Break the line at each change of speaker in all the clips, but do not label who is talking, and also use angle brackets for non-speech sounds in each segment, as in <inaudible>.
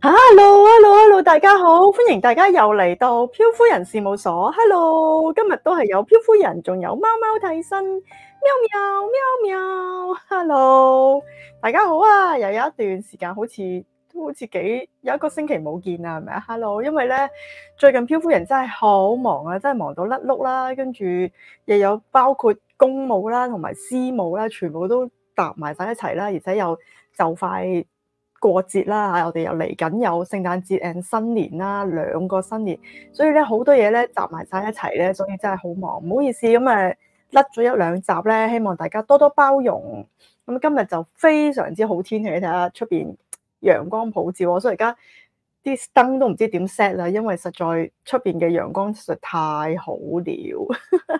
Hello，Hello，Hello，hello, hello, 大家好，歡迎大家又嚟到漂夫人事務所。Hello，今日都係有漂夫人，仲有貓貓替身，喵喵，喵喵。Hello，大家好啊，又有一段時間，好似都好似幾有一個星期冇見啊，係咪啊？Hello，因為呢最近漂夫人真係好忙啊，真係忙到甩碌啦，跟住又有包括公務啦，同埋私務啦，全部都搭埋晒一齊啦，而且又就快。過節啦吓，我哋又嚟緊有聖誕節誒新年啦，兩個新年，所以咧好多嘢咧集埋晒一齊咧，所以真係好忙，唔好意思咁誒，甩咗一兩集咧，希望大家多多包容。咁今日就非常之好天氣，睇下出邊陽光普照，所以而家啲燈都唔知點 set 啦，因為實在出邊嘅陽光實在太好了。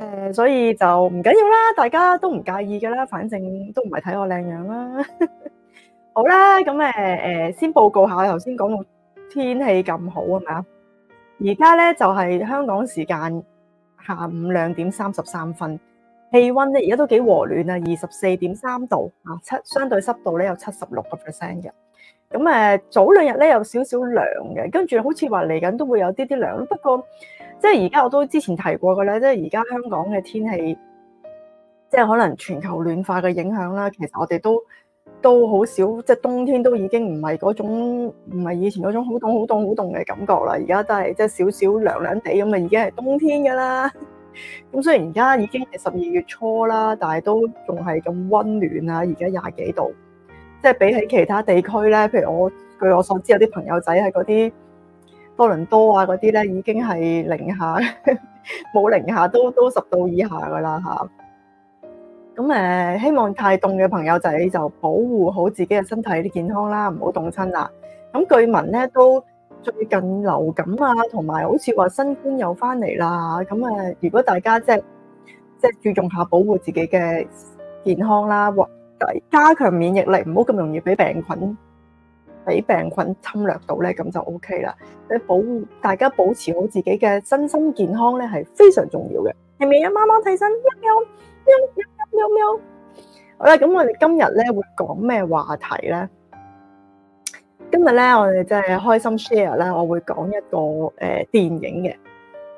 誒， <laughs> 所以就唔緊要啦，大家都唔介意㗎啦，反正都唔係睇我靚樣啦。好啦，咁誒誒，先報告下頭先講到天氣咁好，係咪啊？而家咧就係香港時間下午兩點三十三分，氣温咧而家都幾和暖啊，二十四點三度啊，七相對濕度咧有七十六個 percent 嘅。咁誒，早兩日咧有少少涼嘅，跟住好似話嚟緊都會有啲啲涼，不過即係而家我都之前提過嘅咧，即係而家香港嘅天氣，即係可能全球暖化嘅影響啦。其實我哋都～都好少，即係冬天都已經唔係嗰種，唔係以前嗰種好凍、好凍、好凍嘅感覺啦。而家都係即係少少涼涼地咁啊，已經係冬天噶啦。咁雖然而家已經係十二月初啦，但係都仲係咁溫暖啊。而家廿幾度，即係比起其他地區咧，譬如我據我所知有啲朋友仔喺嗰啲多倫多啊嗰啲咧，已經係零下冇零下都都十度以下噶啦吓。咁誒，希望太凍嘅朋友仔就保護好自己嘅身體啲健康啦，唔好凍親啦。咁據聞咧，都最近流感啊，同埋好似話新冠又翻嚟啦。咁誒，如果大家即係即係注重下保護自己嘅健康啦，加強免疫力，唔好咁容易俾病菌俾病菌侵略到咧，咁就 O K 啦。你保護大家保持好自己嘅身心健康咧，係非常重要嘅。係咪啊？媽媽睇身，嗯嗯嗯喵喵，好啦，咁我哋今日咧會講咩話題咧？今日咧我哋即係開心 share 咧，我會講一個誒、呃、電影嘅。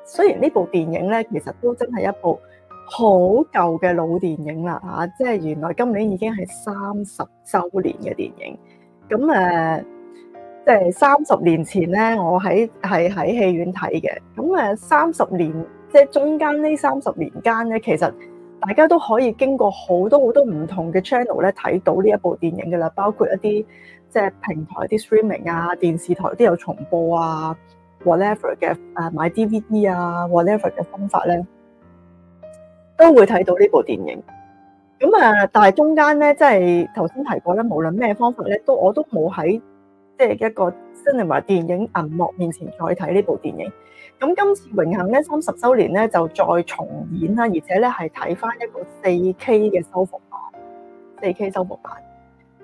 雖然呢部電影咧，其實都真係一部好舊嘅老電影啦，吓、啊，即係原來今年已經係三十周年嘅電影。咁誒、呃，即係三十年前咧，我喺係喺戲院睇嘅。咁誒，三十年即係中間呢三十年間咧，其實。大家都可以經過好多好多唔同嘅 channel 咧睇到呢一部電影㗎喇，包括一啲即係平台啲 streaming 啊、電視台都有重播啊，whatever 嘅誒買 DVD 啊，whatever 嘅方法咧，都會睇到呢部電影。咁啊，但係中間咧，即係頭先提過咧，無論咩方法咧，都我都冇喺，即係一個 cinema 電影銀幕面前再睇呢部電影，咁今次榮幸咧，三十周年咧就再重演啦，而且咧係睇翻一個四 K 嘅修復版，四 K 修復版。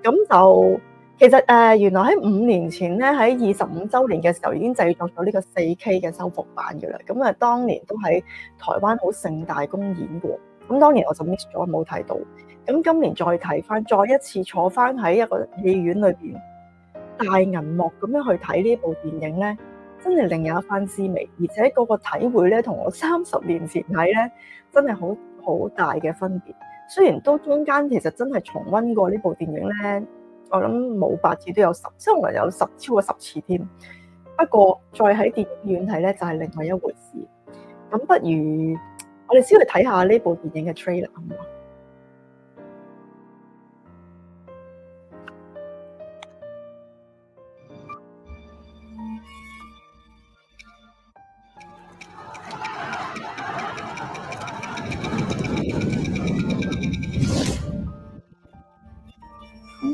咁就其實誒、呃、原來喺五年前咧，喺二十五週年嘅時候已經製作咗呢個四 K 嘅修復版嘅啦，咁啊當年都喺台灣好盛大公演過，咁當年我就 miss 咗冇睇到，咁今年再睇翻，再一次坐翻喺一個戲院裏邊。大銀幕咁樣去睇呢部電影呢，真係另有一番滋味，而且嗰個體會呢，同我三十年前睇呢，真係好好大嘅分別。雖然都中間其實真係重溫過呢部電影呢，我諗冇八次都有十，即可能有十超過十次添。不過再喺電影院睇呢，就係另外一回事。咁不如我哋先嚟睇下呢部電影嘅 trailer 好嗎？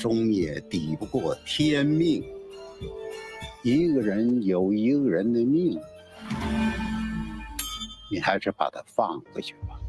終也抵不過天命。一個人有一個人的命，你還是把他放回去吧。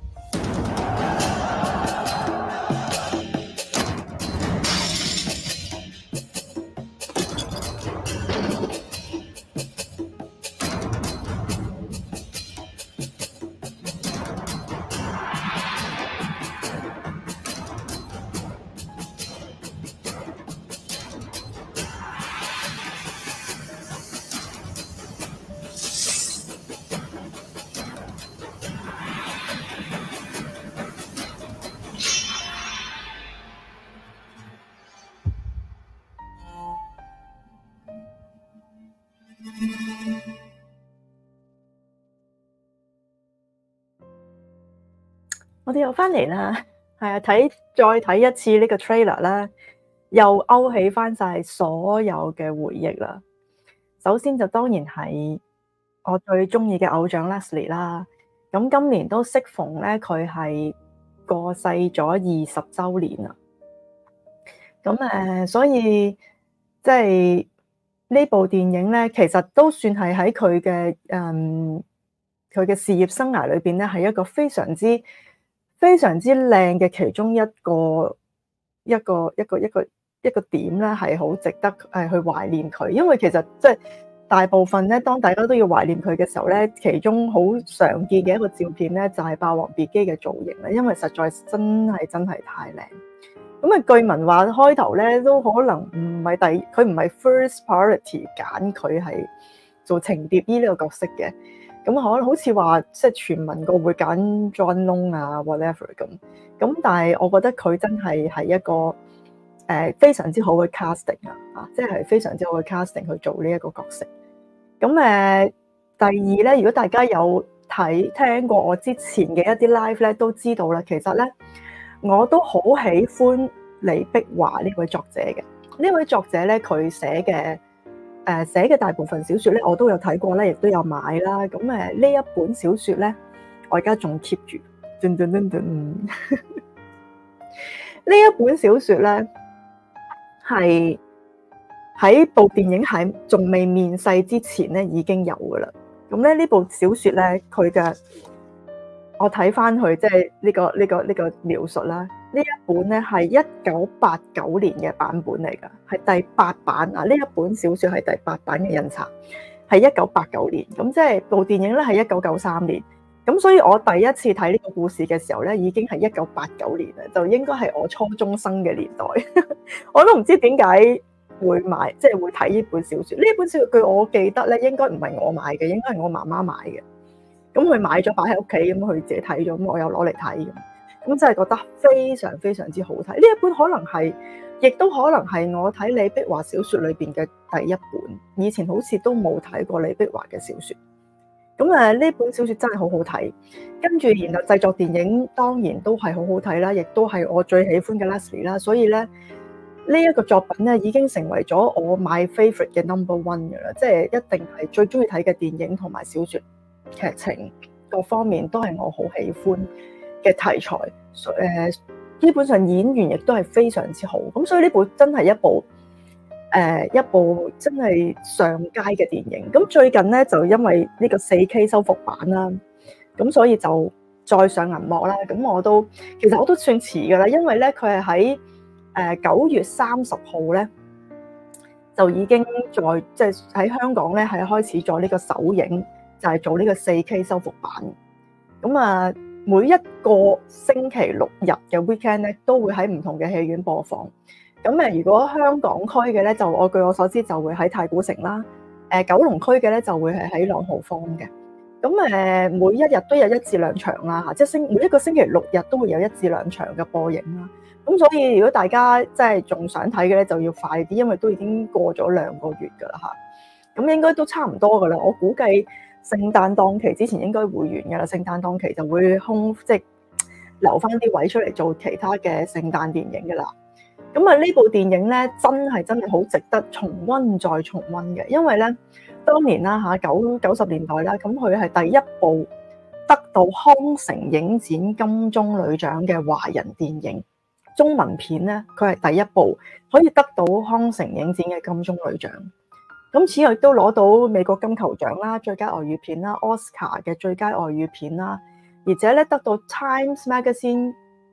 又翻嚟啦，係啊！睇再睇一次呢個 trailer 啦，又勾起翻晒所有嘅回憶啦。首先就當然係我最中意嘅偶像 Leslie 啦，咁今年都適逢咧佢係過世咗二十周年啦。咁誒，所以即係呢部電影咧，其實都算係喺佢嘅誒，佢、嗯、嘅事業生涯裏邊咧，係一個非常之。非常之靚嘅其中一個一個一個一個一個點咧，係好值得係去懷念佢，因為其實即係大部分咧，當大家都要懷念佢嘅時候咧，其中好常見嘅一個照片咧，就係霸王別姬嘅造型啦，因為實在真係真係太靚。咁啊，據聞話開頭咧都可能唔係第佢唔係 first priority 揀佢係做程蝶衣呢個角色嘅。咁可能好似話即係傳聞個會揀 John Lone 啊 whatever 咁，咁但係我覺得佢真係係一個誒非常之好嘅 casting 啊，啊即係非常之好嘅 casting 去做呢一個角色。咁誒第二咧，如果大家有睇聽過我之前嘅一啲 live 咧，都知道啦。其實咧我都好喜歡李碧華呢位作者嘅，呢位作者咧佢寫嘅。誒、呃、寫嘅大部分小説咧，我都有睇過啦，亦都有買啦。咁誒呢一本小説咧，我而家仲 keep 住。呢 <laughs> 一本小説咧，係喺部電影係仲未面世之前咧已經有㗎喇。咁咧呢部小説咧，佢嘅我睇翻佢即係呢個呢個呢個描述啦，呢一本咧，係一九八九年嘅版本嚟㗎，係第八版啊！呢一本小說係第八版嘅印刷，係一九八九年。咁即係部電影咧，係一九九三年。咁所以我第一次睇呢個故事嘅時候咧，已經係一九八九年啦，就應該係我初中生嘅年代。 <laughs> 我都唔知點解會買，即係會睇呢本小說。呢本小說據我記得咧，應該唔係我買嘅，應該係我媽媽買嘅。咁佢買咗擺喺屋企，咁佢自己睇咗，咁我又攞嚟睇，咁真係覺得非常非常之好睇。呢一本可能係，亦都可能係我睇李碧華小説裏面嘅第一本。以前好似都冇睇過李碧華嘅小説，咁誒呢本小説真係好好睇。跟住然後製作電影當然都係好好睇啦，亦都係我最喜歡嘅 Leslie 啦。所以咧呢一個作品咧已經成為咗我 my favorite 嘅 number one 噶啦，即係一定係最中意睇嘅電影同埋小説。劇情各方面都係我好喜歡嘅題材，誒，基本上演員亦都係非常之好，咁所以呢部真係一部誒一部真係上佳嘅電影。咁最近咧就因為呢個四 K 修復版啦，咁所以就再上銀幕啦。咁我都其實我都算遲噶啦，因為咧佢係喺誒九月三十號咧就已經在即係喺香港咧係開始咗呢個首映。就係做呢個四 K 修復版嘅。咁啊，每一個星期六日嘅 weekend 咧，都會喺唔同嘅戲院播放。咁誒、啊，如果香港區嘅咧，就我據我所知就會喺太古城啦。誒、呃，九龍區嘅咧就會係喺朗豪坊嘅。咁誒、啊，每一日都有一至兩場啦，嚇，即係星每一個星期六日都會有一至兩場嘅播映啦。咁所以如果大家即係仲想睇嘅咧，就要快啲，因為都已經過咗兩個月㗎啦，嚇。咁應該都差唔多㗎啦，我估計。聖誕檔期之前應該會完嘅啦，聖誕檔期就會空即係，就是，留翻啲位出嚟做其他嘅聖誕電影嘅啦。咁啊呢部電影咧真係真係好值得重溫再重溫嘅，因為咧當年啦嚇，九九十年代啦，咁佢係第一部得到康城影展金棕櫚獎嘅華人電影中文片咧，佢係第一部可以得到康城影展嘅金棕櫚獎。咁此後亦都攞到美國金球獎啦、最佳外語片啦、Oscar 嘅最佳外語片啦，而且咧得到《Times Magazine》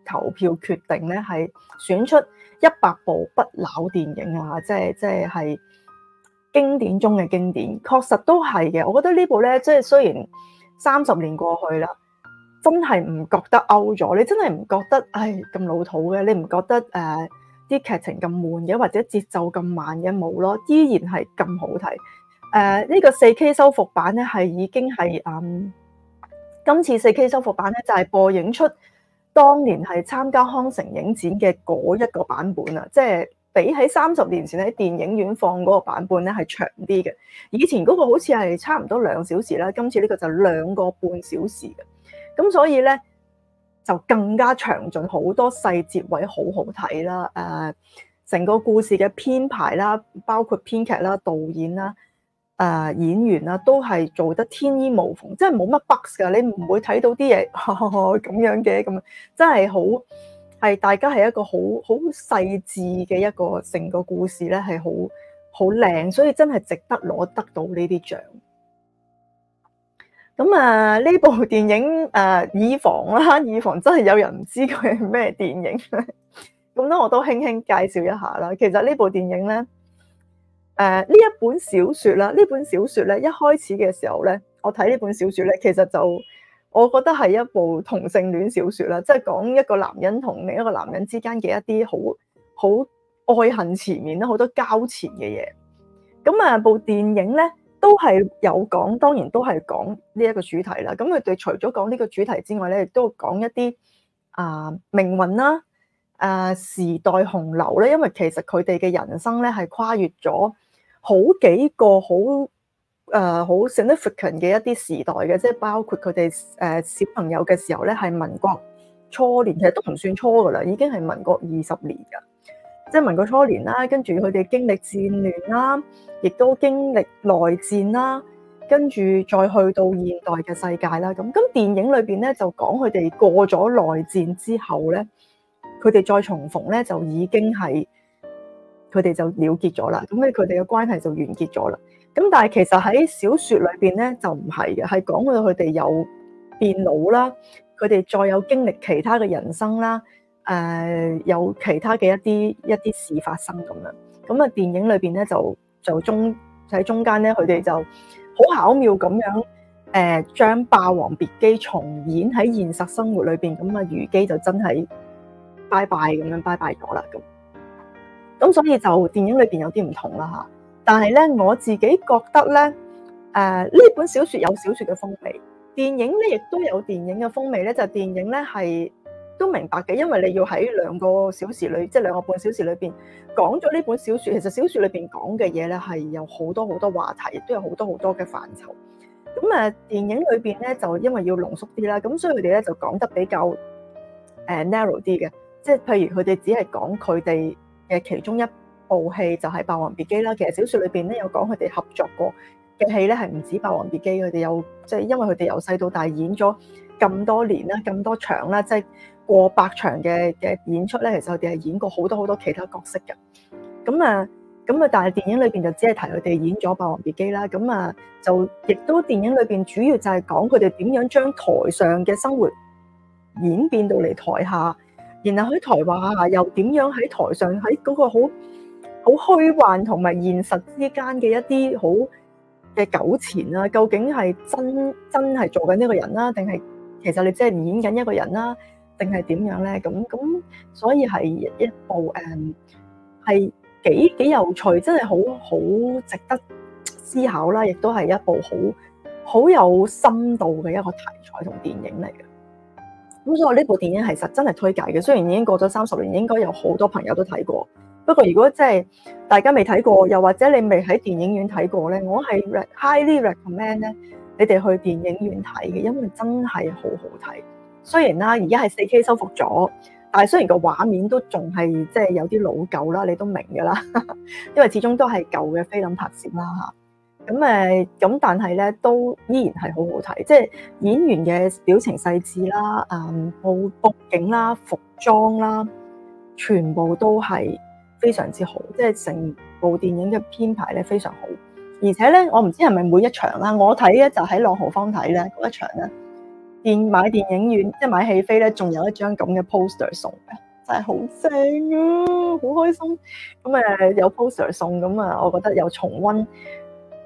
投票決定咧，係選出一百部不朽電影啊！即係即係係經典中嘅經典，確實都係嘅。我覺得這部呢部咧，即係雖然三十年過去啦，真係唔覺得 out 咗，你真係唔覺得唉咁老土嘅，你唔覺得誒？呃啲劇情咁悶嘅，或者節奏咁慢嘅冇咯，依然係咁好睇。誒、呃，呢、呢個四 K 修復版咧係已經係嗯，今次四 K 修復版咧就係播映出當年係參加康城影展嘅嗰一個版本啊，即係比喺三十年前喺電影院放嗰個版本咧係長啲嘅。以前嗰個好似係差唔多兩小時啦，今次呢個就兩個半小時嘅。咁所以咧。就更加詳盡，好多細節位很好好睇啦！誒，成個故事嘅編排啦，包括編劇啦、導演啦、誒、呃、演員啦，都係做得天衣無縫，即係冇乜 bug 㗎。你唔會睇到啲嘢咁樣嘅咁，真係好係大家係一個好好細緻嘅一個成個故事咧，係好好靚，所以真係值得攞得、得到呢啲獎。咁啊，呢部電影誒、呃，以防啦，以防真係有人唔知佢係咩電影咁咧 <laughs> 我都輕輕介紹一下啦。其實呢部電影咧，誒、呃、呢一本小說啦，呢本小說咧，一開始嘅時候咧，我睇呢本小說咧，其實就我覺得係一部同性戀小說啦，即、就、係、是、講一個男人同另一個男人之間嘅一啲好好愛恨纏綿啦，好多交纏嘅嘢。咁啊，部電影咧。都係有講，當然都係講呢一個主題啦。咁佢哋除咗講呢個主題之外咧，亦都講一啲啊、呃、命運啦、啊，誒、呃、時代洪流咧、啊。因為其實佢哋嘅人生咧係跨越咗好幾個好誒好、呃、significant 嘅一啲時代嘅，即係包括佢哋誒小朋友嘅時候咧，係民國初年，其實都唔算初㗎啦，已經係民國二十年㗎。即係民國初年啦，跟住佢哋經歷戰亂啦，亦都經歷內戰啦，跟住再去到現代嘅世界啦。咁咁電影裏邊咧就講佢哋過咗內戰之後咧，佢哋再重逢咧就已經係佢哋就了結咗啦。咁佢哋嘅關係就完結咗啦。咁但係其實喺小說裏邊咧就唔係嘅，係講到佢哋有變老啦，佢哋再有經歷其他嘅人生啦。誒、呃，有其他嘅一啲一啲事發生咁樣，咁啊電影裏邊咧就就中喺中間咧，佢哋就好巧妙咁樣，誒、呃、將霸王別姬重演喺現實生活裏邊，咁啊虞姬就真係拜拜咁樣拜拜咗啦咁，咁所以就電影裏邊有啲唔同啦吓，但係咧我自己覺得咧，誒、呃、呢本小說有小說嘅風味，電影咧亦都有電影嘅風味咧，就電影咧係。都明白嘅，因為你要喺兩個小時裏，即係兩個半小時裏邊講咗呢本小説。其實小説裏邊講嘅嘢咧，係有好多好多話題，亦都有好多好多嘅範疇。咁啊，電影裏邊咧就因為要濃縮啲啦，咁所以佢哋咧就講得比較誒 narrow 啲嘅，即係譬如佢哋只係講佢哋嘅其中一部戲就係《霸王別姬》啦。其實小説裏邊咧有講佢哋合作過嘅戲咧，係唔止《霸王別姬》，佢哋有即係因為佢哋由細到大演咗咁多年啦，咁多場啦，即係。過百場嘅嘅演出咧，其實佢哋係演過好多好多其他角色嘅。咁啊，咁啊，但係電影裏邊就只係提佢哋演咗《霸王別姬》啦。咁啊，就亦都電影裏邊主要就係講佢哋點樣將台上嘅生活演變到嚟台下，然後喺台下又點樣喺台上喺嗰個好好虛幻同埋現實之間嘅一啲好嘅糾纏啊，究竟係真真係做緊呢個人啦，定係其實你真係演緊一個人啦？定係點樣咧？咁咁，所以係一部誒，係、uh, 幾幾有趣，真係好好值得思考啦！亦都係一部好好有深度嘅一個題材同電影嚟嘅。咁所以呢部電影其實真係推介嘅。雖然已經過咗三十年，應該有好多朋友都睇過。不過如果即係大家未睇過，又或者你未喺電影院睇過咧，我係 highly recommend 咧，你哋去電影院睇嘅，因為真係好好睇。雖然啦，而家係 4K 修復咗，但係雖然個畫面都仲係即係有啲老舊啦，你都明嘅啦，因為始終都係舊嘅菲林拍攝啦吓，咁誒，咁但係咧都依然係好好睇，即係演員嘅表情細緻啦、誒布布景啦、服裝啦，全部都係非常之好，即係成部電影嘅編排咧非常好。而且咧，我唔知係咪每一場啦，我睇咧就喺朗豪坊睇咧嗰一場咧。買電影院即係買戲飛咧，仲有一張咁嘅 poster 送嘅，真係好正啊，好開心！咁誒有 poster 送，咁啊，我覺得有重温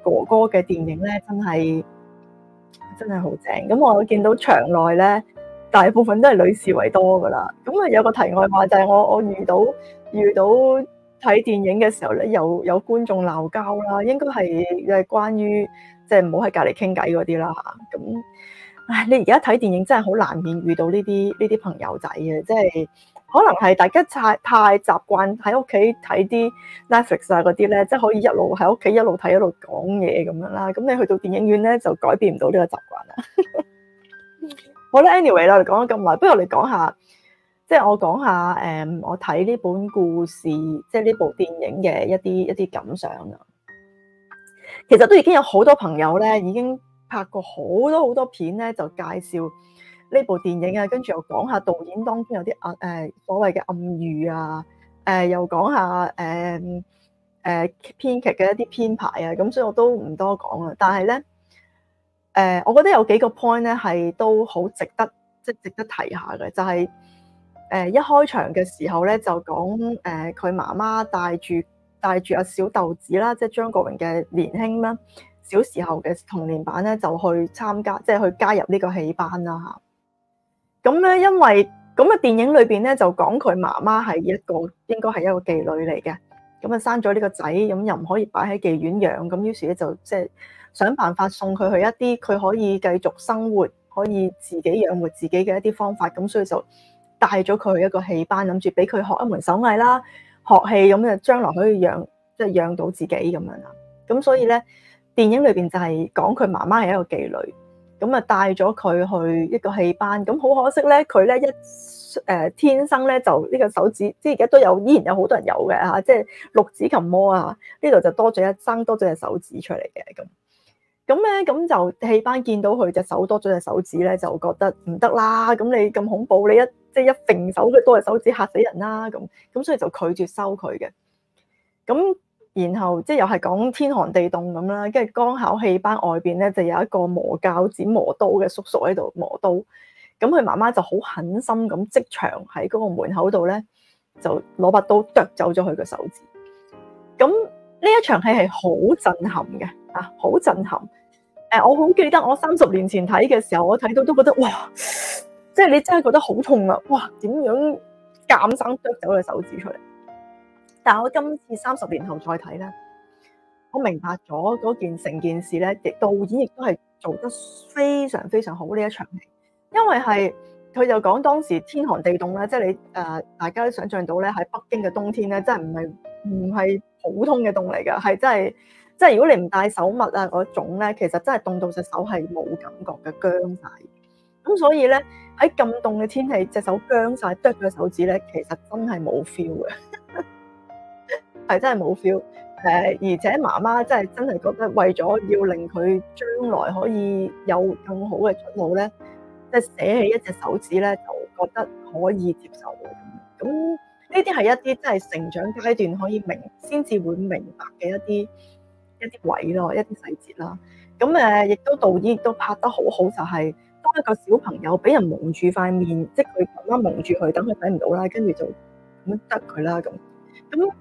哥哥嘅電影咧，真係真係好正！咁我見到場內咧，大部分都係女士為多噶啦。咁啊，有個題外話就係、是、我我遇到遇到睇電影嘅時候咧，又有，有觀眾鬧交啦，應該係係關於即係唔好喺隔籬傾偈嗰啲啦吓咁。就是唉，你而家睇電影真係好難免遇到呢啲呢啲朋友仔嘅，即係可能係大家太太習慣喺屋企睇啲 Netflix 啊嗰啲咧，即係可以一路喺屋企一路睇一路講嘢咁樣啦。咁你去到電影院咧就改變唔到呢個習慣啦。 <laughs> 好啦，anyway 啦，講咗咁耐，不如我哋講下，即係我講下誒、嗯，我睇呢本故事，即係呢部電影嘅一啲一啲感想啦。其實都已經有好多朋友咧已經。.拍過好多好多片咧，就介紹呢部電影啊，跟住又講下導演當中有啲、呃、暗誒所謂嘅暗喻啊，誒、呃、又講下誒誒編劇嘅一啲編排啊，咁所以我都唔多講啦。但係咧，誒、呃、我覺得有幾個 point 咧係都好值得即係、就是、值得提下嘅，就係、是、誒、呃、一開場嘅時候咧就講誒佢媽媽帶住帶住阿小豆子啦，即係張國榮嘅年輕啦。小時候嘅童年版咧，就去參加，即係去加入呢個戲班啦吓。咁咧，因為咁嘅電影裏邊咧，就講佢媽媽係一個應該係一個妓女嚟嘅，咁啊生咗呢個仔，咁又唔可以擺喺妓院養，咁於是咧就即係想辦法送佢去一啲佢可以繼續生活，可以自己養活自己嘅一啲方法，咁所以就帶咗佢去一個戲班，諗住俾佢學一門手藝啦，學戲咁就，將來可以養即係養到自己咁樣啦。咁所以咧。電影裏邊就係講佢媽媽係一個妓女，咁啊帶咗佢去一個戲班，咁好可惜咧，佢咧一誒天生咧就呢、這個手指，即係而家都有，依然有好多人有嘅吓，即、啊、係、就是、六指琴魔啊！呢度就多咗一生多咗隻手指出嚟嘅，咁，咁咧咁就戲班見到佢隻手多咗隻手指咧，就覺得唔得啦，咁你咁恐怖，你一即係、就是、一揈手嘅多隻手指嚇死人啦，咁咁所以就拒絕收佢嘅，咁。然後即係又係講天寒地凍咁啦，跟住剛巧戲班外邊咧就有一個磨鉸剪、磨刀嘅叔叔喺度磨刀，咁佢媽媽就好狠心咁即場喺嗰個門口度咧就攞把刀剁走咗佢嘅手指。咁呢一場戲係好震撼嘅，啊，好震撼！誒，我好記得我三十年前睇嘅時候，我睇到都覺得哇，即係你真係覺得好痛啊！哇，點樣監生剁走佢手指出嚟？但我今次三十年後再睇咧，我明白咗嗰件成件事咧，亦導演亦都係做得非常非常好呢一場戲，因為係佢就講當時天寒地凍咧，即係你誒，呃，大家都想象到咧，喺北京嘅冬天咧，真係唔係唔係普通嘅凍嚟㗎，係真係即係如果你唔戴手襪啊嗰種咧，其實真係凍到隻手係冇感覺嘅，僵晒。咁所以咧，喺咁凍嘅天氣，隻手僵晒，剁咗手指咧，其實真係冇 feel 嘅。係真係冇 feel，誒！而且媽媽真係真係覺得，為咗要令佢將來可以有更好嘅出路咧，即係寫起一隻手指咧，就覺得可以接受到咁。咁呢啲係一啲真係成長階段可以明，先至會明白嘅一啲一啲位咯，一啲細節啦。咁誒，亦都導演都拍得好好，就係當一個小朋友俾人蒙住塊面，即係佢媽媽蒙住佢，等佢睇唔到啦，跟住就咁樣得佢啦，咁咁。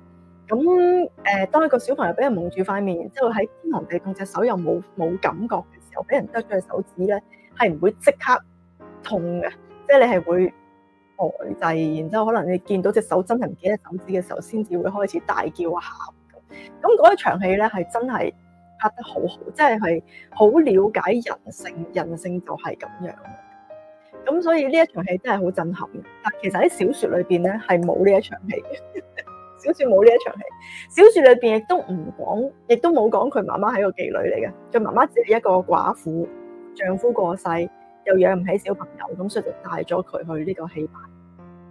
咁誒、嗯，當一個小朋友俾人蒙住塊面，之後喺天寒地凍，隻手又冇冇感覺嘅時候，俾人執咗隻手指咧，係唔會即刻痛嘅，即、就、係、是、你係會呆、呃、滯，然之後可能你見到隻手真係唔記得手指嘅時候，先至會開始大叫啊喊。咁嗰一場戲咧係真係拍得好好，即係係好了解人性，人性就係咁樣。咁所以呢一場戲真係好震撼。但其實喺小說裏邊咧係冇呢一場戲。小説冇呢一場戲，小説裏邊亦都唔講，亦都冇講佢媽媽係一個妓女嚟嘅，佢媽媽只係一個寡婦，丈夫過世又養唔起小朋友，咁所以就帶咗佢去呢個戲班。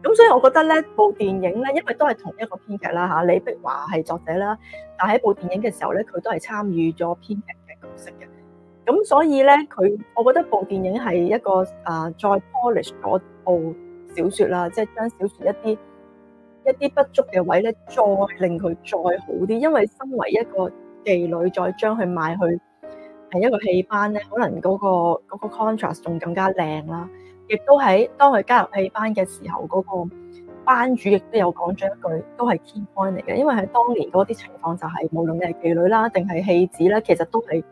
咁所以我覺得咧，部電影咧，因為都係同一個編劇啦吓，李碧華係作者啦，但係喺部電影嘅時候咧，佢都係參與咗編劇嘅角色嘅。咁所以咧，佢，我覺得部電影係一個啊，再 polish 嗰部小説啦，即係將小説一啲。一啲不足嘅位咧，再令佢再好啲，因為身為一個妓女，再將佢賣去係一個戲班咧，可能、嗰個、嗰個 contrast 仲更加靚啦。亦都喺當佢加入戲班嘅時候，嗰個班主亦都有講咗一句，都係天開嚟嘅。因為喺當年嗰啲情況就係、是、無論你係妓女啦，定係戲子咧其實都係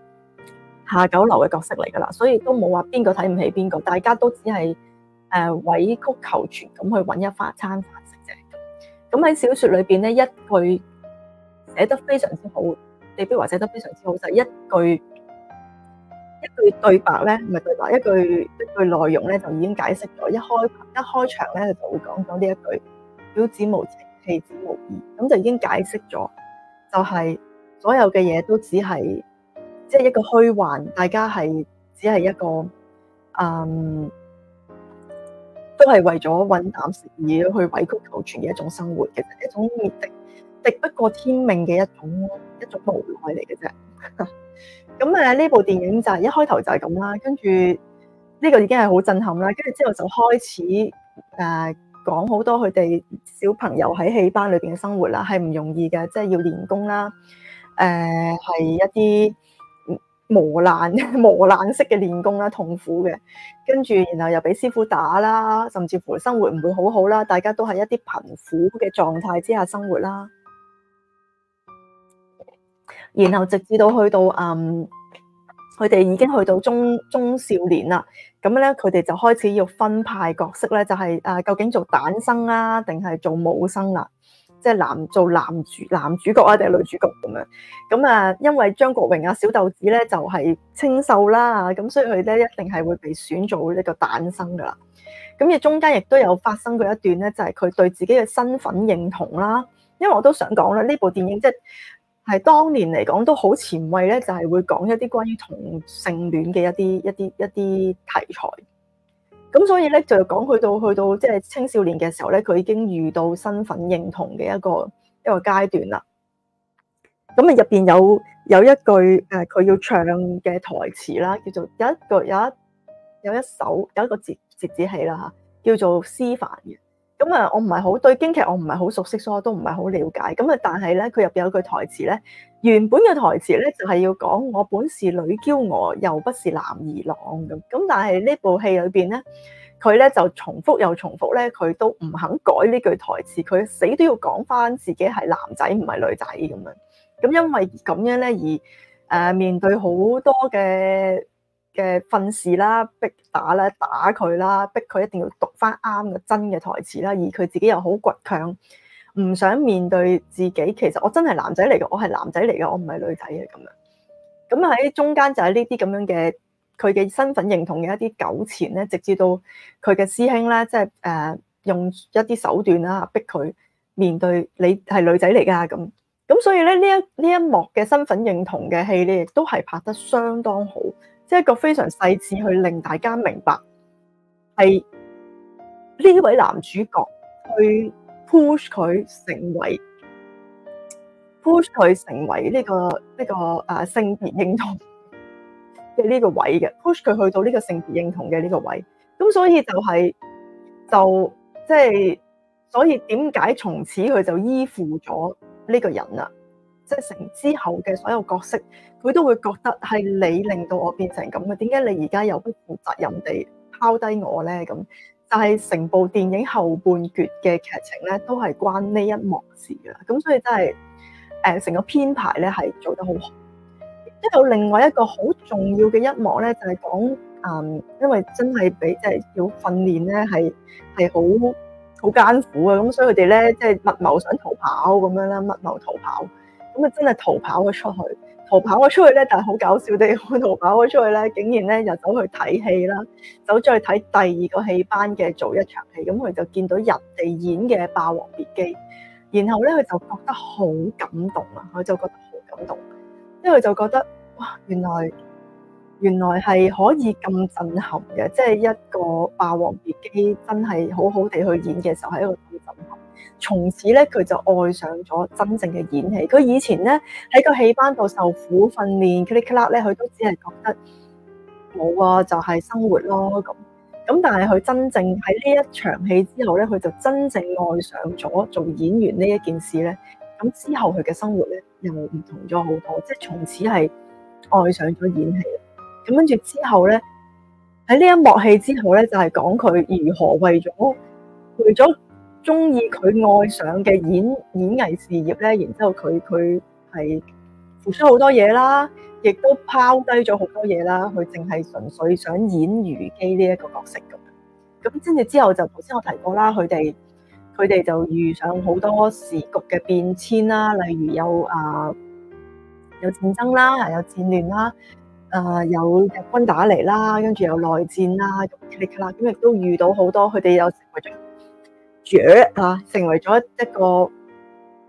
下九流嘅角色嚟噶啦。所以都冇話邊個睇唔起邊個大家都只係誒、呃、委曲求全咁去揾一飯餐。咁喺小説裏邊咧，一句寫得非常之好，李碧華寫得非常之好就是、一句一句對白咧，唔係對白，一句一句內容咧就已經解釋咗。一開一開場咧，佢就會講咗呢一句：婊子無情，戲子無義。咁就已經解釋咗，就係、是、所有嘅嘢都只係即係一個虛幻，大家係只係一個嗯。都係為咗揾啖食而去委曲求全嘅一種生活嘅，一種敵敵不過天命嘅一種一種無奈嚟嘅啫。咁誒，呢部電影就係、是、一開頭就係咁啦，跟住呢個已經係好震撼啦。跟住之後就開始誒講好多佢哋小朋友喺戲班裏邊嘅生活啦，係唔容易嘅，即、就、係、是、要練功啦，誒、呃、係一啲。磨難、磨難式嘅練功啦，痛苦嘅，跟住然後又俾師傅打啦，甚至乎生活唔會好好啦，大家都係一啲貧苦嘅狀態之下生活啦。然後直至到去到嗯，佢哋已經去到中中少年啦，咁咧佢哋就開始要分派角色咧，就係、是、誒究竟做蛋生啦、啊，定係做武生啦、啊？即係男做男主男主角啊，定係女主角咁樣咁啊？因為張國榮啊、小豆子咧就係清秀啦，咁所以佢咧一定係會被選做呢個誕生噶啦。咁亦中間亦都有發生過一段咧，就係佢對自己嘅身份認同啦。因為我都想講啦，呢部電影即係當年嚟講都好前衛咧，就係會講一啲關於同性戀嘅一啲一啲一啲題材。咁所以咧就講去到去到即係青少年嘅時候咧，佢已經遇到身份認同嘅一個一個階段啦。咁啊入邊有有一句誒，佢、啊、要唱嘅台詞啦，叫做一有一句有一有一首有一個折折子戲啦吓，叫做《思凡》嘅。咁啊，我唔係好對京劇，我唔係好熟悉，所以我都唔係好了解。咁啊，但係咧，佢入邊有一句台詞咧，原本嘅台詞咧，就係、是、要講我本是女嬌娥，又不是男兒郎咁。咁但係呢部戲裏邊咧，佢咧就重複又重複咧，佢都唔肯改呢句台詞，佢死都要講返自己係男仔唔係女仔咁樣。咁因為咁樣咧，而誒、呃、面對好多嘅嘅訓事啦，逼打啦，打佢啦，逼佢一定要讀翻啱嘅真嘅台詞啦，而佢自己又好倔強，唔想面對自己。其實我真係男仔嚟嘅，我係男仔嚟嘅，我唔係女仔嘅咁樣。咁喺中間就係呢啲咁樣嘅佢嘅身份認同嘅一啲糾纏咧，直至到佢嘅師兄咧，即係誒、呃、用一啲手段啦，逼佢面對你係女仔嚟噶咁。咁所以咧，呢一呢一幕嘅身份認同嘅戲咧，亦都係拍得相當好。即係一個非常細緻去令大家明白，係呢位男主角去 push 佢成為 push 佢成為呢個呢個啊性別認同嘅呢個位嘅，push 佢去到呢個性別認同嘅呢個位，咁所以就係、是、就即係、就是，所以點解從此佢就依附咗呢個人啊？即係成之後嘅所有角色，佢都會覺得係你令到我變成咁嘅。點解你而家又不負責任地拋低我咧？咁就係成部電影後半段嘅劇情咧，都係關呢一幕事嘅。咁所以真係誒，成個編排咧係做得好好。即係有另外一個好重要嘅一幕咧，就係講誒，因為真係比即係要訓練咧，係係好好艱苦啊。咁所以佢哋咧即係密謀想逃跑咁樣啦，密謀逃跑。咁啊，真係逃跑咗出去，逃跑咗出去咧，但係好搞笑地，我逃跑咗出去咧，竟然咧又走去睇戲啦，走咗去睇第二個戲班嘅做一場戲，咁佢就見到人哋演嘅《霸王別姬》，然後咧佢就覺得好感動啊，佢就覺得好感動，因為就覺得哇，原來原來係可以咁震撼嘅，即係一個《霸王別姬》真係好好地去演嘅時候，係一個好震撼。從此咧，佢就愛上咗真正嘅演戲。佢以前咧喺個戲班度受苦訓練 click click 咧，佢都只係覺得冇啊，就係生活咯咁。咁但係佢真正喺呢一場戲之後咧，佢就真正愛上咗做演員呢一件事咧。咁之後佢嘅生活咧又唔同咗好多，即係從此係愛上咗演戲啦。咁跟住之後咧喺呢一幕戲之後咧，就係講佢如何為咗為咗。中意佢愛上嘅演演藝事業咧，然之後佢佢係付出好多嘢啦，亦都拋低咗好多嘢啦，佢淨係純粹想演虞姬呢一個角色咁樣。咁跟住之後就頭先我提過啦，佢哋佢哋就遇上好多時局嘅變遷啦，例如有啊、呃、有戰爭啦，有戰亂啦，啊、呃、有日軍打嚟啦，跟住有內戰啦咁，啦咁亦都遇到好多，佢哋有成為咗。啊，成為咗一個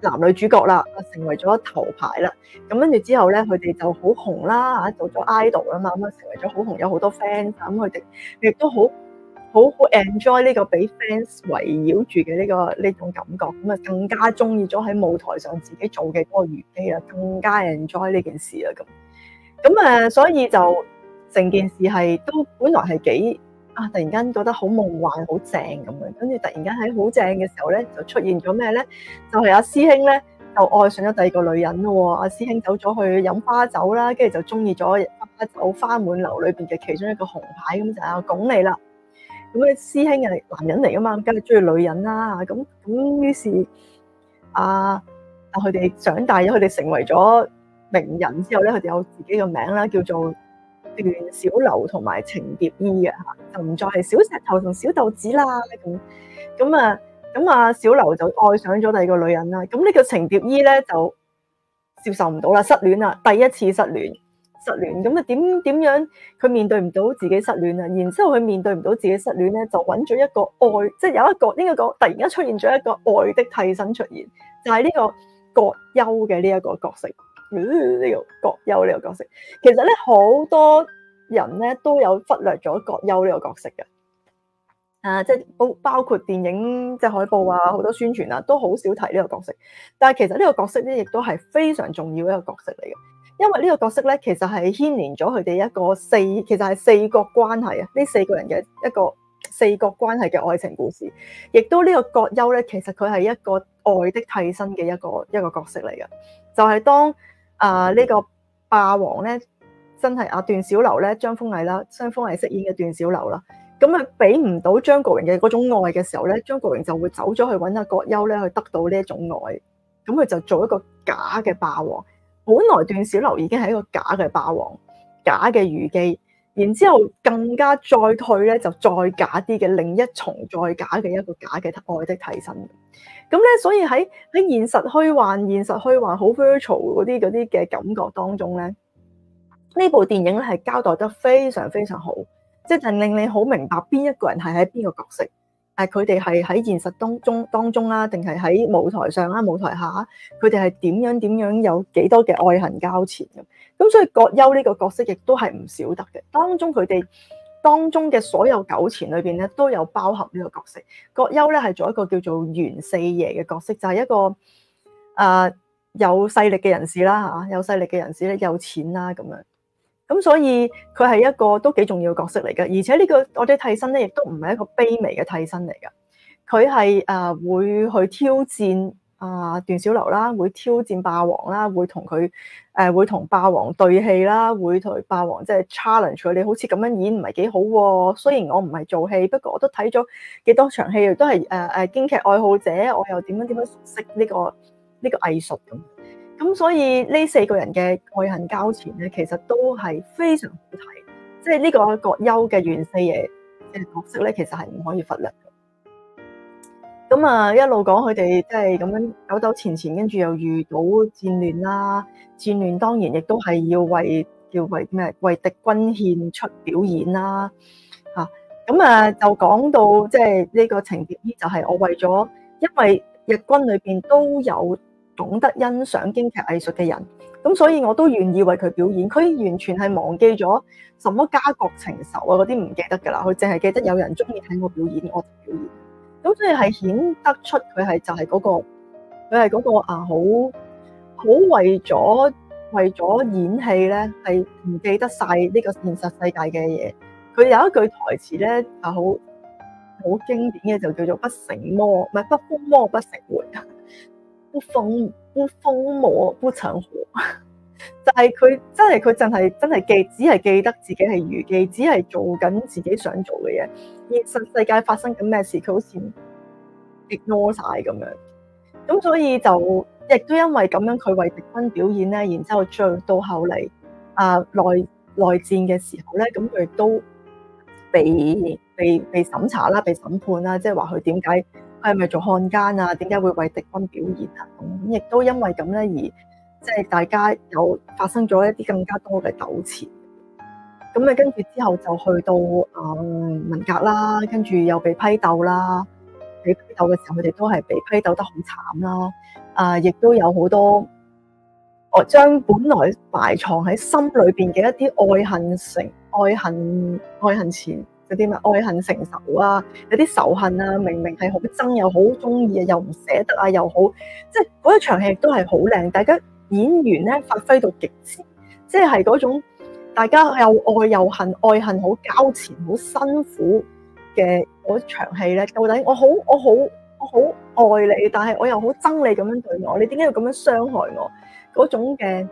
男女主角啦，成為咗頭牌啦。咁跟住之後咧，佢哋就好紅啦，吓做咗 idol 啦嘛，咁啊成為咗好紅，有好多 fans。咁佢哋亦都好好好 enjoy 呢個俾 fans 圍繞住嘅呢個呢種感覺。咁啊，更加中意咗喺舞台上自己做嘅嗰個虞姬啦，更加 enjoy 呢件事啊，咁咁啊，所以就成件事係都本來係幾啊！突然間覺得好夢幻、好正咁樣，跟住突然間喺好正嘅時候咧，就出現咗咩咧？就係阿師兄咧，就愛上咗第二個女人咯喎！阿師兄走咗去飲花酒啦，跟住就中意咗飲花酒，花滿樓裏邊嘅其中一個紅牌，咁就係阿鞏俐啦。咁咧師兄係男人嚟噶嘛，梗係中意女人啦。咁咁於是阿阿佢哋長大咗，佢哋成為咗名人之後咧，佢哋有自己嘅名啦，叫做段小劉同埋程蝶衣嘅吓，就唔再係小石頭同小豆子啦。咁咁啊，咁啊，小樓就愛上咗第二個女人啦。咁呢個程蝶衣咧就接受唔到啦，失戀啦，第一次失戀，失戀。咁啊，點點樣佢面對唔到自己失戀啊？然之後佢面對唔到自己失戀咧，就揾咗一個愛，即係有一個呢一個突然間出現咗一個愛的替身出現，就係呢個葛優嘅呢一個角色。呢、這個葛優呢個角色，其實咧好多人咧都有忽略咗葛優呢個角色嘅，啊，即係包包括電影即係海報啊，好多宣傳啊，都好少提呢個角色。但係其實呢個角色咧，亦都係非常重要一個角色嚟嘅，因為呢個角色咧，其實係牽連咗佢哋一個四，其實係四角關係啊，呢四個人嘅一個四角關係嘅愛情故事。亦都呢個葛優咧，其實佢係一個愛的替身嘅一個一個角色嚟嘅，就係、是、當啊！呢、uh, 個霸王咧，真係阿、啊、段小樓咧，張豐毅啦，張豐毅飾演嘅段小樓啦，咁啊，俾唔到張國榮嘅嗰種愛嘅時候咧，張國榮就會走咗去搵阿葛優咧去得到呢一種愛，咁佢就做一個假嘅霸王。本來段小樓已經係一個假嘅霸王，假嘅虞姬。然之後更加再退咧，就再假啲嘅另一重再假嘅一個假嘅愛的替身。咁咧，所以喺喺現實虛幻、現實虛幻好 virtual 嗰啲啲嘅感覺當中咧，呢部電影咧係交代得非常非常好，即係令令你好明白邊一個人係喺邊個角色，誒佢哋係喺現實當中當中啦，定係喺舞台上啦、舞台下，佢哋係點樣點樣有，有幾多嘅愛恨交纏咁。咁所以葛優呢個角色亦都係唔少得嘅，當中佢哋當中嘅所有糾纏裏邊咧，都有包含呢個角色。葛優咧係做一個叫做袁四爺嘅角色，就係一個啊有勢力嘅人士啦，吓有勢力嘅人士咧有錢啦，咁樣。咁所以佢係一個都幾重要嘅角色嚟嘅，而且呢個我哋替身咧亦都唔係一個卑微嘅替身嚟嘅，佢係啊會去挑戰。啊，段小樓啦，會挑戰霸王啦，會同佢誒，會同霸王對戲啦，會同霸王即係 challenge 佢。就是，ch enge，你好似咁樣演唔係幾好，啊。雖然我唔係做戲，不過我都睇咗幾多場戲，都係誒誒，京劇愛好者，我又點樣點樣熟悉呢、這個呢、這個藝術咁。咁所以呢四個人嘅愛恨交纏咧，其實都係非常好睇。即係呢個葛優嘅袁四爺嘅角色咧，其實係唔可以忽略。咁啊，一路講佢哋即係咁樣走走前前，跟住又遇到戰亂啦。戰亂當然亦都係要為叫為咩？為敵軍獻出表演啦。嚇！咁啊，就講到即係呢個情節，就係我為咗，因為日軍裏邊都有懂得欣賞京劇藝術嘅人，咁所以我都願意為佢表演。佢完全係忘記咗什麼家國情仇啊，嗰啲唔記得㗎喇，佢淨係記得有人中意睇我表演，我表演。咁所以係顯得出佢係就係嗰個，佢係嗰個啊好，好為咗為咗演戲咧，係唔記得晒呢個現實世界嘅嘢。佢有一句台詞咧啊好，好經典嘅就叫做不成魔，唔係不瘋魔不成活，不瘋不瘋魔不成活。就係佢真係佢真係真係記只係記得自己係虞姬，只係做緊自己想做嘅嘢，現實世界發生緊咩事佢好似 ignore 晒咁樣，咁所以就亦都因為咁樣佢為敵軍表演咧，然之後到後嚟啊內內戰嘅時候咧，咁佢都被被被審查啦，被審判啦，即係話佢點解佢係咪做漢奸啊？點解會為敵軍表演啊？咁亦都因為咁咧而。即係大家有發生咗一啲更加多嘅糾纏，咁啊跟住之後就去到啊文革啦，跟住又被批鬥啦，被批鬥嘅時候佢哋都係被批鬥得好慘啦。啊，亦都有好多我將本來埋藏喺心裏邊嘅一啲愛恨情愛恨愛恨情，嗰啲咩愛恨情仇啊，有啲仇恨啊，明明係好憎又好鍾意啊，又唔捨得啊，又好即係嗰一場戲都係好靚，大家。演員咧發揮到極致，即係嗰種大家又愛又恨，愛恨好交纏，好辛苦嘅嗰場戲咧。到底我好，我好，我好愛你，但係我又好憎你咁樣對我，你點解要咁樣傷害我？嗰種嘅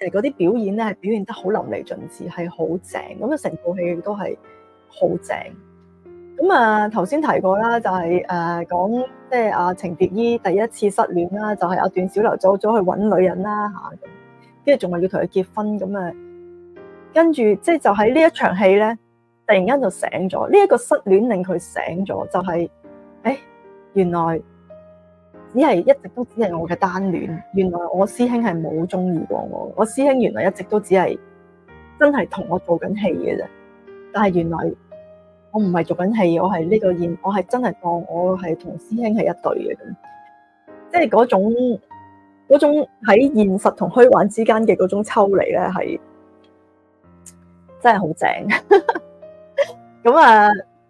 誒嗰啲表演咧，係表現得好淋漓盡致，係好正。咁啊，成部戲都係好正。咁啊，頭先提過啦，就係誒講即係阿程蝶衣第一次失戀啦，就係、是、阿、啊、段小樓走咗去搵女人啦吓、啊，跟住仲係要同佢結婚咁啊，跟住即係就喺、是、呢一場戲咧，突然間就醒咗，呢、這、一個失戀令佢醒咗，就係、是、誒、欸，原來只係一直都只係我嘅單戀，原來我師兄係冇中意過我，我師兄原來一直都只係真係同我做緊戲嘅啫，但係原來。我唔係做緊戲，我係呢個演，我係真係當我係同師兄係一對嘅，咁，即係嗰種嗰種喺現實同虛幻之間嘅嗰種抽離咧，係真係好正。咁啊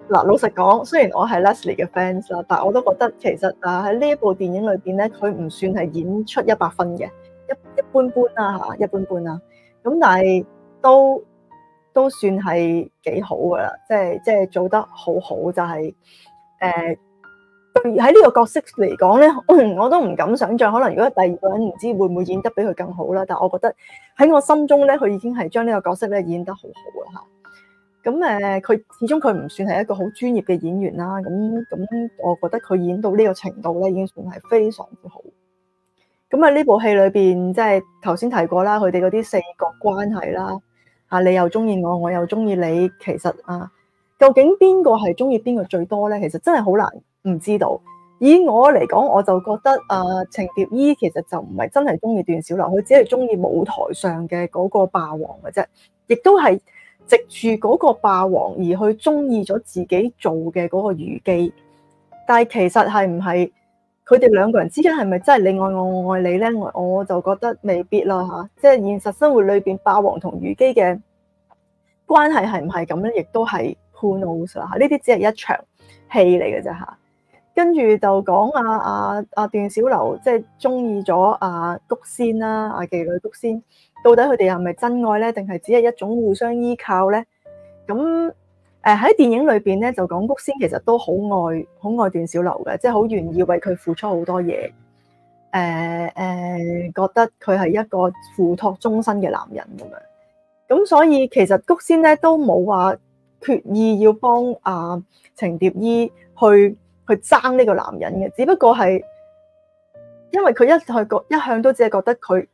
嗱，老實講，雖然我係 Leslie 嘅 fans 啦，但我都覺得其實啊喺呢一部電影裏邊咧，佢唔算係演出一百分嘅，一一般般啦吓，一般般啦。咁但係都。都算係幾好噶啦，即係即係做得好好，就係、是、誒。喺、呃、呢個角色嚟講咧、嗯，我都唔敢想象，可能如果第二個人唔知道會唔會演得比佢更好啦。但係我覺得喺我心中咧，佢已經係將呢個角色咧演得好好啊！嚇，咁、呃、誒，佢始終佢唔算係一個好專業嘅演員啦。咁咁，我覺得佢演到呢個程度咧，已經算係非常之好的。咁啊，呢部戲裏邊即係頭先提過啦，佢哋嗰啲四角關係啦。啊！你又中意我，我又中意你。其實啊，究竟邊個係中意邊個最多呢？其實真係好難唔知道。以我嚟講，我就覺得啊，程蝶衣其實就唔係真係中意段小樓，佢只係中意舞台上嘅嗰個霸王嘅啫。亦都係藉住嗰個霸王而去中意咗自己做嘅嗰個虞姬。但係其實係唔係？佢哋兩個人之間係咪真係你愛我，我愛你咧？我就覺得未必啦嚇，即係現實生活裏邊霸王同虞姬嘅關係係唔係咁咧？亦都係判 h o 啦嚇，呢啲只係一場戲嚟嘅啫嚇。跟住就講阿阿阿段小樓即係中意咗阿菊仙啦、啊，阿妓女菊仙，到底佢哋係咪真愛咧？定係只係一種互相依靠咧？咁。誒，喺電影裏邊咧就講菊仙其實都好愛好愛段小樓嘅，即係好願意為佢付出好多嘢。誒、呃、誒、呃，覺得佢係一個付托終身嘅男人咁樣。咁所以其實菊仙咧都冇話決意要幫啊、呃、程蝶衣去去爭呢個男人嘅，只不過係因為佢一向覺一向都只係覺得佢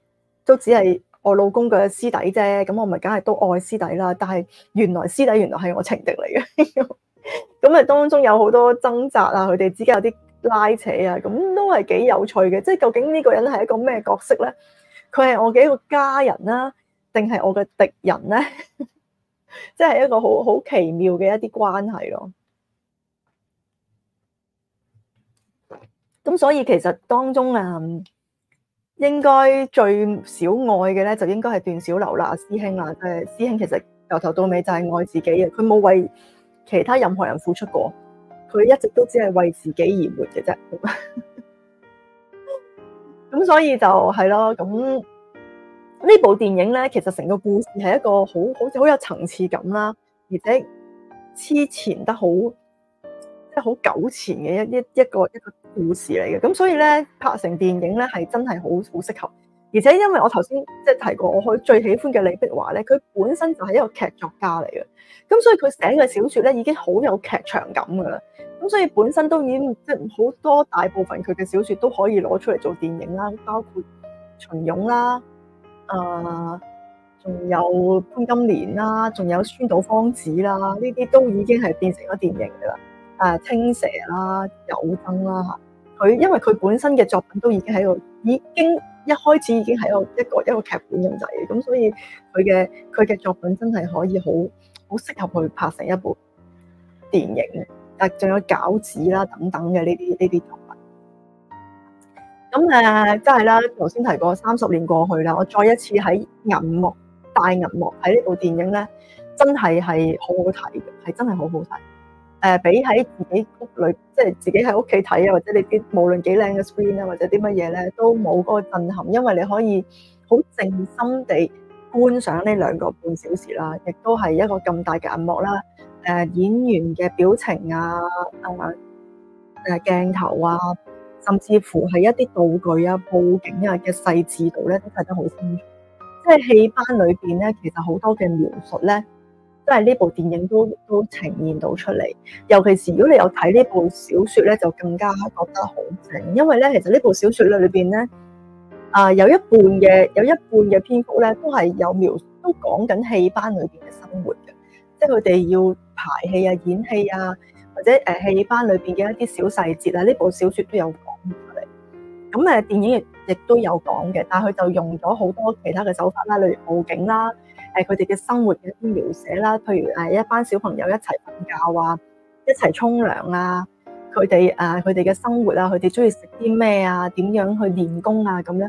都只係。我老公嘅師弟啫，咁我咪梗係都愛師弟啦。但係原來師弟原來係我情敵嚟嘅，咁 <laughs> 啊當中有好多掙扎啊，佢哋之間有啲拉扯啊，咁都係幾有趣嘅。即係究竟呢個人係一個咩角色咧？佢係我嘅一個家人啦、啊，定係我嘅敵人咧？即 <laughs> 係一個好好奇妙嘅一啲關係咯。咁所以其實當中啊～應該最少愛嘅咧，就應該係段小樓啦，師兄啦，誒，師兄其實由頭到尾就係愛自己嘅，佢冇為其他任何人付出過，佢一直都只係為自己而活嘅啫。咁 <laughs> 所以就係咯，咁呢部電影咧，其實成個故事係一個很好好似好有層次感啦，而且痴纏得好。即係好久前嘅一一一個一個故事嚟嘅，咁所以咧，拍成電影咧係真係好好適合，而且因為我頭先即係提過，我最最喜歡嘅李碧華咧，佢本身就係一個劇作家嚟嘅，咁所以佢寫嘅小說咧已經好有劇場感噶啦，咁所以本身都已經即係好多大部分佢嘅小說都可以攞出嚟做電影啦，包括《秦俑》啦，誒、呃，仲有潘金蓮啦，仲有川島芳子啦，呢啲都已經係變成咗電影噶啦。啊，青蛇啦，誘僧啦，佢因為佢本身嘅作品都已經喺度，已經一開始已經喺度一個一個劇本咁仔。咁所以佢嘅佢嘅作品真係可以好好適合去拍成一部電影，但仲有餃子啦等等嘅呢啲呢啲作品，咁誒，即係啦，頭先提過三十年過去啦，我再一次喺銀幕大銀幕喺呢部電影咧，真係係好好睇嘅，係真係好好睇。誒，比喺自己屋裏，即係自己喺屋企睇啊，或者你啲無論幾靚嘅 screen 啊，或者啲乜嘢咧，都冇嗰個震撼，因為你可以好靜心地觀賞呢兩個半小時啦，亦都係一個咁大嘅銀幕啦。誒，演員嘅表情啊，誒，誒鏡頭啊，甚至乎係一啲道具啊、佈景啊嘅細緻度咧，都睇得好清楚。即係戲班裏邊咧，其實好多嘅描述咧。都係呢部電影都都呈現到出嚟。尤其是如果你有睇呢部小說咧，就更加覺得好正，因為咧其實呢部小說咧裏邊咧，啊有一半嘅有一半嘅篇幅咧都係有描都講緊戲班裏邊嘅生活嘅，即係佢哋要排戲啊、演戲啊，或者誒戲班裏邊嘅一啲小細節啊，呢部小說都有講出嚟。咁、嗯、誒電影亦都有講嘅，但係佢就用咗好多其他嘅手法啦，例如佈景啦、啊。誒，佢哋嘅生活嘅一啲描寫啦，譬如誒一班小朋友一齊瞓覺啊，一齊沖涼啊，佢哋誒佢哋嘅生活啊，佢哋中意食啲咩啊，點樣去練功啊，咁樣呢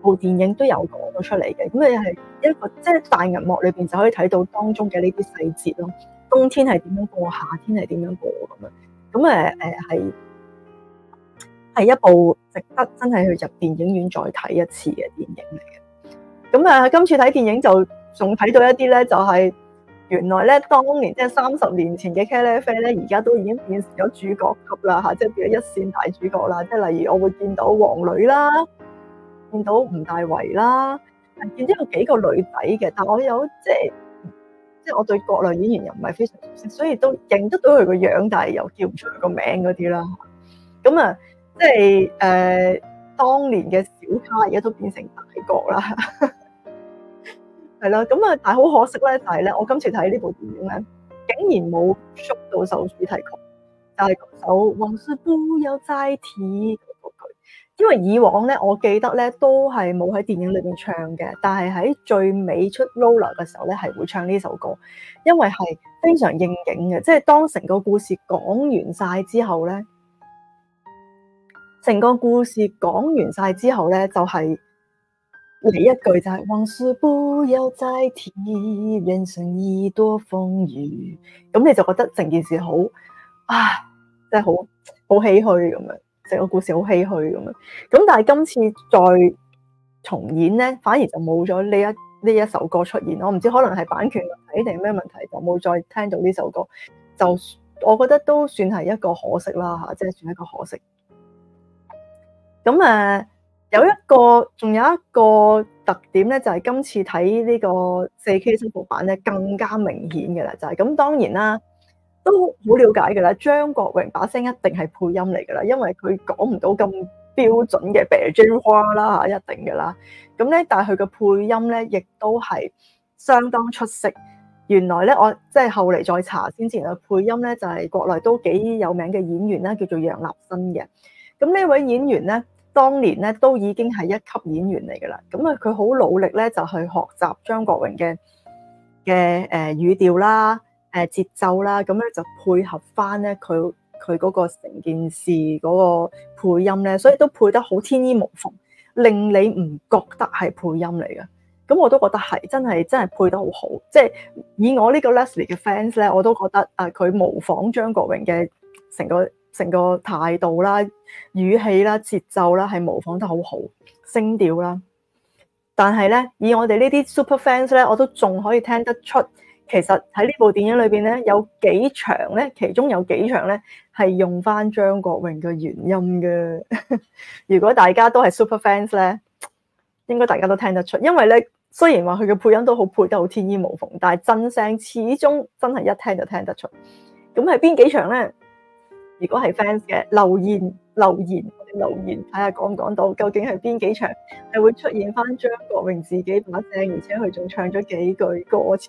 部電影都有講到出嚟嘅。咁你係一個即係、就是、大銀幕裏邊就可以睇到當中嘅呢啲細節咯。冬天係點樣過，夏天係點樣過咁樣。咁誒誒係係一部值得真係去入電影院再睇一次嘅電影嚟嘅。咁啊，今次睇電影就。仲睇到一啲咧，就係、是、原來咧，當年即係三十年前嘅茄喱啡咧，而家都已經變成咗主角級啦嚇，即係變咗一線大主角啦。即係例如我會見到黃磊啦，見到吳大維啦，見到有幾個女仔嘅。但我有即係即係我對國內演員又唔係非常熟悉，所以都認得到佢個樣子，但係又叫唔出佢個名嗰啲啦。咁啊，即係誒、呃，當年嘅小卡而家都變成大角啦。係啦，咁啊，但係好可惜咧，就係咧，我今次睇呢部電影咧，竟然冇縮到首主題曲，但係首《往事不有齋替過佢，因為以往咧，我記得咧都係冇喺電影裏邊唱嘅，但係喺最尾出 roller 嘅時候咧，係會唱呢首歌，因為係非常應景嘅，即係當成個故事講完晒之後咧，成個故事講完晒之後咧，就係、是。第一句就係、是、往事不要再提，人生已多風雨。咁你就覺得成件事好，啊，真係好好唏嘘咁樣，成係個故事好唏嘘咁樣。咁但係今次再重演咧，反而就冇咗呢一呢一首歌出現。我唔知道可能係版權問題定咩問題，就冇再聽到呢首歌。就我覺得都算係一個可惜啦，吓、啊，即係算係一個可惜。咁，誒。啊有一個，仲有一個特點咧，就係、是、今次睇呢個四 K 修復版咧，更加明顯嘅啦，就係、是、咁。當然啦，都好了解嘅啦。張國榮把聲一定係配音嚟嘅啦，因為佢講唔到咁標準嘅北京話啦嚇，一定嘅啦。咁咧，但係佢嘅配音咧，亦都係相當出色。原來咧，我即係後嚟再查先前原配音咧就係、是、國內都幾有名嘅演員啦，叫做楊立新嘅。咁呢位演員咧。當年咧都已經係一級演員嚟噶啦，咁啊佢好努力咧就去學習張國榮嘅嘅誒語調啦，誒節奏啦，咁咧就配合翻咧佢佢嗰個成件事嗰個配音咧，所以都配得好天衣無縫，令你唔覺得係配音嚟嘅。咁我都覺得係真係真係配得好好，即係以我呢個 Leslie 嘅 fans 咧，我都覺得啊佢模仿張國榮嘅成個。成個態度啦、語氣啦、節奏啦，係模仿得好好，聲調啦。但係咧，以我哋呢啲 super fans 咧，我都仲可以聽得出，其實喺呢部電影裏邊咧，有幾場咧，其中有幾場咧係用翻張國榮嘅原音嘅。 <laughs> 如果大家都係 super fans 咧，應該大家都聽得出，因為咧，雖然話佢嘅配音都好配得好天衣無縫，但係真聲始終真係一聽就聽得出。咁係邊幾場咧？如果係 fans 嘅留言、留言、我哋留言，睇下講唔講到？究竟係邊幾場係會出現返張國榮自己把聲，而且佢仲唱咗幾句歌詞？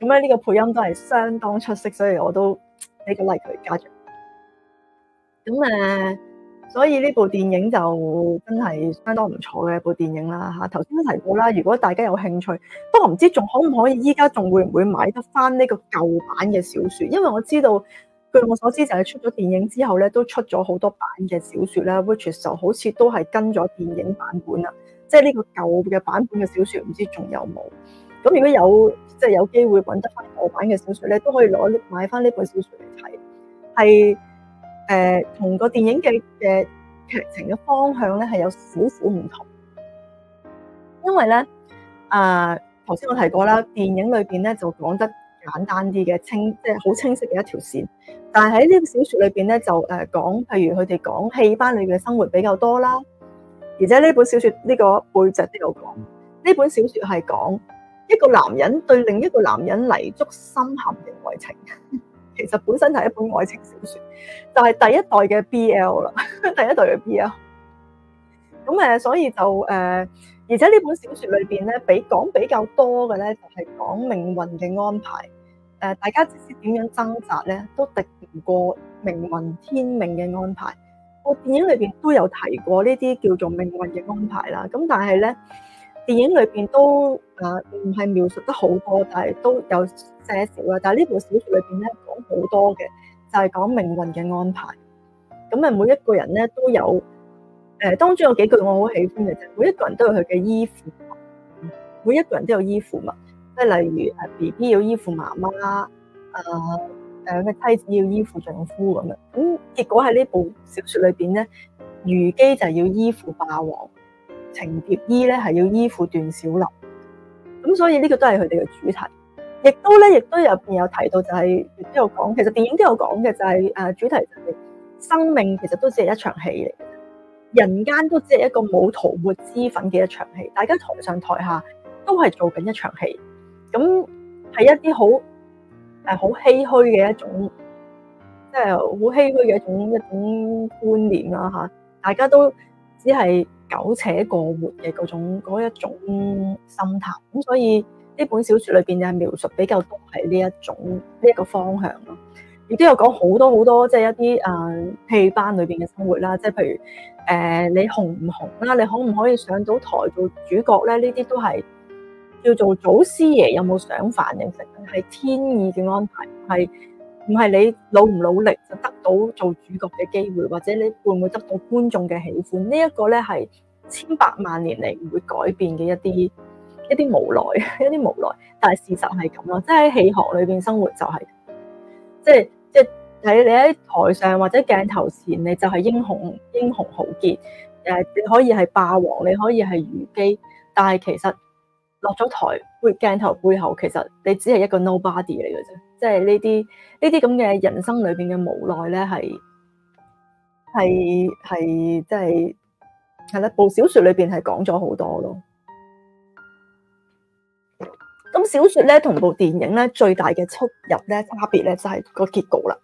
咁咧呢個配音都係相當出色，所以我都呢個 like 佢加咗。咁啊～所以呢部電影就真係相當唔錯嘅一部電影啦嚇。頭先都提過啦，如果大家有興趣，不過唔知仲可唔可以依家仲會唔會買得翻呢個舊版嘅小説，因為我知道據我所知就係、是、出咗電影之後咧，都出咗好多版嘅小説啦。Which 就好似都係跟咗電影版本啦，即係呢個舊嘅版本嘅小説，唔知仲有冇？咁如果有即係、就是、有機會揾得翻舊版嘅小説咧，都可以攞買翻呢本小説嚟睇，係。誒，同個、呃、電影嘅嘅劇情嘅方向咧，係有少少唔同，因為咧，啊、呃，頭先我提過啦，電影裏邊咧就講得簡單啲嘅清，即係好清晰嘅一條線，但係喺呢本小説裏邊咧就誒講，譬如佢哋講戲班裏嘅生活比較多啦，而且呢本小説呢、這個背脊都有講，呢本小説係講一個男人對另一個男人泥足深陷嘅愛情。其實本身係一本愛情小說，就係第一代嘅 BL 啦，第一代嘅 BL。咁誒，所以就誒，而且呢本小說裏邊咧，比講比較多嘅咧，就係講命運嘅安排。誒，大家即使點樣掙扎咧，都敵唔過命運天命嘅安排。我電影裏邊都有提過呢啲叫做命運嘅安排啦。咁但係咧，電影裏邊都啊唔係描述得好多，但係都有。寫但係呢部小說裏邊咧，講好多嘅，就係、是、講命運嘅安排。咁啊，每一個人咧都有誒，當中有幾句我好喜歡嘅，即係每一個人都有佢嘅依附，每一個人都有依附物，即係例如誒 B B 要依附媽媽，誒誒嘅妻子要依附丈夫咁樣。咁結果喺呢部小說裏邊咧，虞姬就要依附霸王，程蝶衣咧係要依附段小樓。咁所以呢個都係佢哋嘅主題。亦都咧，亦都入面有提到，就係亦都有講，其實電影都有講嘅、就是，就係誒主題就係、是、生命，其實都只係一場戲嚟嘅，人間都只係一個冇塗抹脂粉嘅一場戲，大家台上台下都係做緊一場戲，咁係一啲好誒好唏噓嘅一種，即係好唏噓嘅一種一種觀念啦吓，大家都只係苟且過活嘅嗰種嗰一種心態，咁所以。呢本小説裏邊嘅描述比較多係呢一種呢一個方向咯，亦都有講好多好多即係一啲誒、啊、戲班裏邊嘅生活啦，即係譬如誒、呃、你紅唔紅啦，你可唔可以上到台做主角咧？呢啲都係叫做祖師爺有冇想反定係係天意嘅安排？係唔係你努唔努力就得到做主角嘅機會，或者你會唔會得到觀眾嘅喜歡？這個、呢一個咧係千百萬年嚟唔會改變嘅一啲。一啲無奈，一啲無奈，但係事實係咁咯。即係喺戲行裏邊生活就係、是，即係即係喺你喺台上或者鏡頭前，你就係英雄英雄豪傑。誒，你可以係霸王，你可以係虞姬，但係其實落咗台背鏡頭背後，其實你只係一個 nobody 嚟嘅啫。即係呢啲呢啲咁嘅人生裏邊嘅無奈咧，係係係即係係啦。部小說裏邊係講咗好多咯。咁小說咧同部電影咧最大嘅出入咧差別咧就係個結局啦。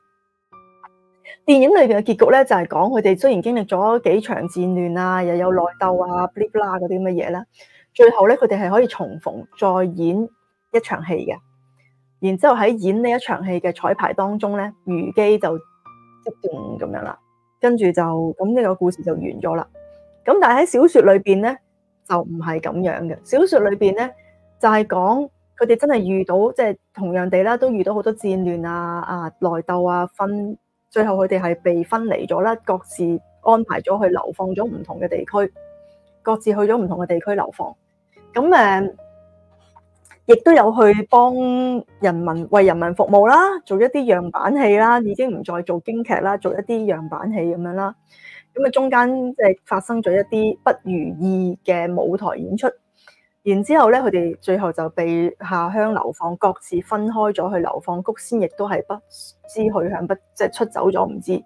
電影裏邊嘅結局咧就係講佢哋雖然經歷咗幾場戰亂啊，又有內鬥啊，bilibla 嗰啲乜嘢啦，最後咧佢哋係可以重逢再演一場戲嘅。然之後喺演呢一場戲嘅彩排當中咧，虞姬就一中咁樣啦，跟住就咁呢個故事就完咗啦。咁但係喺小說裏邊咧就唔係咁樣嘅，小說裏邊咧就係講。佢哋真係遇到即係同樣地啦，都遇到好多戰亂啊、啊內鬥啊分，最後佢哋係被分離咗啦，各自安排咗去流放咗唔同嘅地區，各自去咗唔同嘅地區流放。咁誒，亦都有去幫人民為人民服務啦，做一啲樣板戲啦，已經唔再做京劇啦，做一啲樣板戲咁樣啦。咁啊，中間即係發生咗一啲不如意嘅舞台演出。然之後咧，佢哋最後就被下鄉流放，各自分開咗去流放。菊仙亦都係不知去向不，不即係出走咗，唔知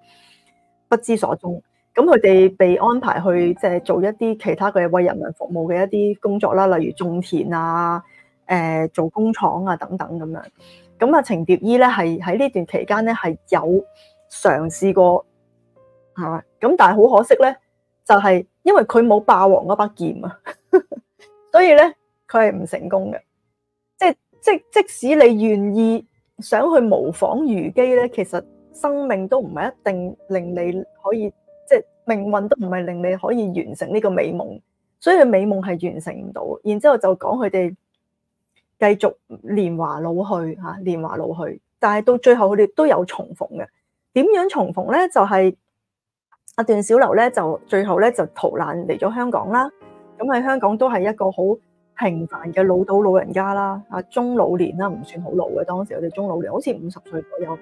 不知所蹤。咁佢哋被安排去即係做一啲其他嘅為人民服務嘅一啲工作啦，例如種田啊、誒、呃、做工廠啊等等咁樣。咁啊，程蝶衣咧係喺呢段期間咧係有嘗試過嚇，咁、啊、但係好可惜咧，就係、是、因為佢冇霸王嗰把劍啊。所以咧，佢係唔成功嘅，即係即即使你願意想去模仿虞姬咧，其實生命都唔係一定令你可以，即係命運都唔係令你可以完成呢個美夢，所以佢美夢係完成唔到。然之後就講佢哋繼續年華老去吓，年華老去，但係到最後佢哋都有重逢嘅。點樣重逢咧？就係阿段小樓咧，就最後咧就逃難嚟咗香港啦。咁喺香港都係一個好平凡嘅老到老人家啦，啊中老年啦，唔算好老嘅當時，我哋中老年好似五十歲左右，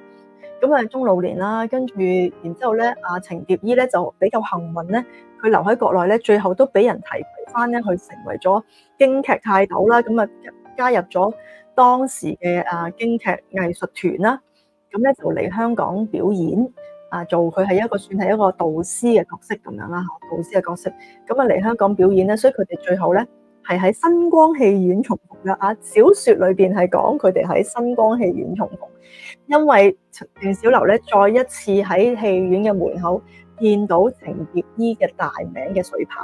咁啊中老年啦，跟住然之後咧，啊程蝶衣咧就比較幸運咧，佢留喺國內咧，最後都俾人提翻咧，佢成為咗京劇泰斗啦，咁啊加入咗當時嘅啊京劇藝術團啦，咁咧就嚟香港表演。啊，做佢係一個算係一個導師嘅角色咁樣啦，吓導師嘅角色，咁啊嚟香港表演咧，所以佢哋最後咧係喺新光戲院重逢噶啊。小說裏邊係講佢哋喺新光戲院重逢，因為段小樓咧再一次喺戲院嘅門口見到程蝶衣嘅大名嘅水牌，